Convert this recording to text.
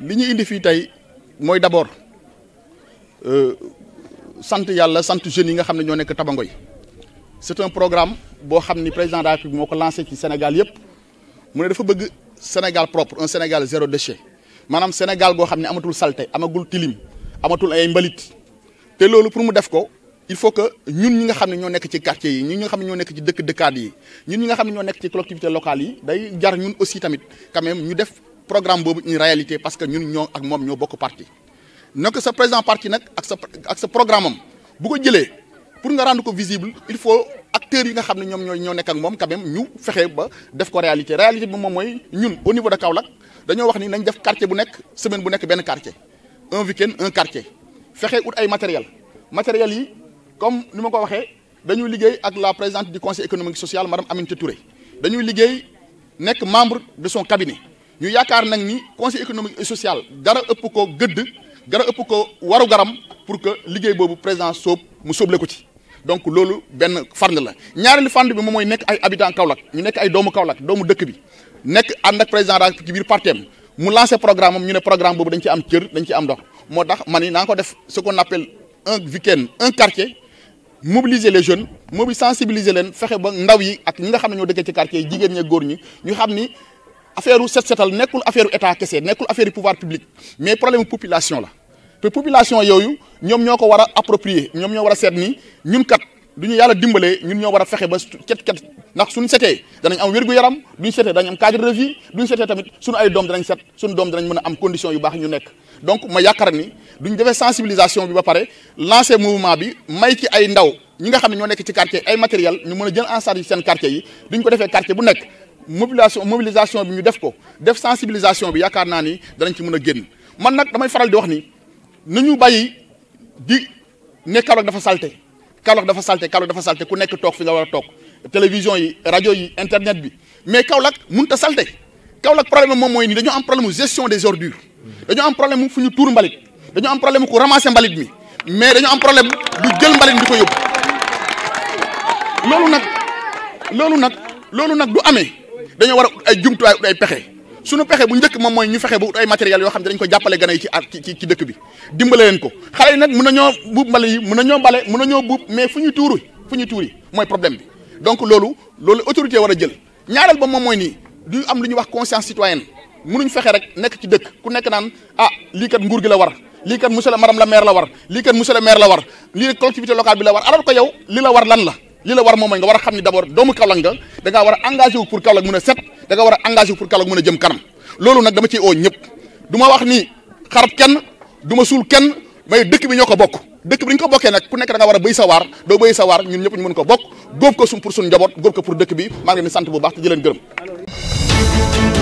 li ñu indi fi tay moy d'abord euh, sante yalla, sante jeune. yi nga xam ne ñoo Tabangoy c'est un programme bo xamni ni président de la République moo lancé ci Sénégal yépp mu né dafa bëgg Sénégal propre un Sénégal zéro déchet manam Sénégal goo xamni amatul salté amagul tilim amatul ay mbalit té lolu pour mu def ko il faut que ñun ñi nga xam ne ñoo nekk ci quartier yi ñun ñi nga xam ne ñoo nekk ci dëkk dëkkaat yi ñun ñi nga xam ne ñoo ci collectivité locale yi day jar ñun aussi tamit quand même ñu def programme bobu une réalité parce que ñun ñoo ak mom ñoo bokk parti naka sa président parti nak ak sa ak sa programme bu ko jëlé pour nga rendre ko visible il faut acteurs yi nga xam ñom ñoom ñooy ñoo ak mom quand même ñu fexé ba def ko réalité réalité bu mom moy ñun au niveau de Kaolack dañu wax ni nañ def quartier bu nek semaine bu nek ben quartier un week-end un quartier fexé out ay matériel matériel yi comme nima ko waxé dañu liggéey ak la présidente du conseil économique social madame Aminata Touré dañu liggéey nek membre de son cabinet ñu yaakaar nag ni conseil économique et social dara ëpp ko gëdd dara ëpp ko waru garam pour que liggéey boobu président soob mu sóoble ko ci donc loolu benn fànn la ñaareelu fànn bi moom mooy nekk ay habitants Kaolack ñu nekk ay doomu Kaolack doomu dëkk bi nekk ànd ak président daal ci biir parteem mu lancer programme am ñu ne programme boobu dañ ci am cër dañ ci am ndox moo tax man ni naa ko def ce qu'on appelle un week-end un quartier mobiliser les jeunes mobiliser sensibiliser leen fexe ba ndaw yi ak ñi nga xam ne ñoo dëkkee ci quartier yi jigéen ñi góor ñi ñu xam ni affaire sont set affaire état kese nekkul affaire pouvoir public mais problème population la population La population est a approprier train ñoo faire des ni ñun kat du de faire des ñun ñoo est en ba cet cet choses. suñu est en cadre de vie tamit condition yu des ñu donc ma y a sensibilisation bi ba mouvement bi quartier matériel ñu en quartier yi quartier mobilisation mobilisation bi ñu def ko def sensibilisation bi yaakaar naa ni danañ ci mën a génn man nag damay faral di wax ni nañu bàyyi di ne Kaolack dafa salté Kaolack dafa salté Kaolack dafa salté ku nekk toog fi nga war a toog télévision yi radio yi internet bi mais Kaolack mënut a salté Kaolack problème moom mooy ni dañoo am problème gestion des ordures dañoo am problème mu fu ñu tuur mbalit dañoo am problème ku ramasser mbalit mi mais dañoo am problème du jël mbalit di ko yóbbu loolu nag loolu nag loolu nag du amee. dañoo war ay jumtuwaay ut ay pexe suñu pexe bu njëkk moom mooy ñu fexe ba ut ay matériels yoo xam ne dañ ko jàppale gane yi ci ci ci dëkk bi dimbale leen ko xale yi nag mën nañoo buub mbale yi mën nañoo bale mën nañoo buub mais fu ñu tuuru fu ñuy tuuri mooy problème bi donc loolu loolu autorité war a jël ñaareel ba moom mooy nii du am lu wax conscience citoyenne mënuñ fexe rek nekk ci dëkk ku nekk naan ah lii kat nguur gi la war lii kat monsieur la maire la war lii kat monsieur la war lii collectivité locale bi war lan la li la war moom mooy nga war a xam ni d'abord doomu Kaolack nga da ngaa war a engagé wu pour Kaolack mën a set da nga war a engagé wu pour Kaolack mën a jëm kanam loolu nag dama ciy oo ñëpp du wax ni xarab kenn du ma suul kenn may dëkk bi ñoo ko bokk dëkk bi ñu ko bokkee nag ku nekk da nga war a béy sawaar waar doo béy sa ñun ñëpp ñu mën ko bokk góob ko suñ pour suñ njaboot góob ko pour dëkk bi maa ngi leen sant bu baax te di leen gërëm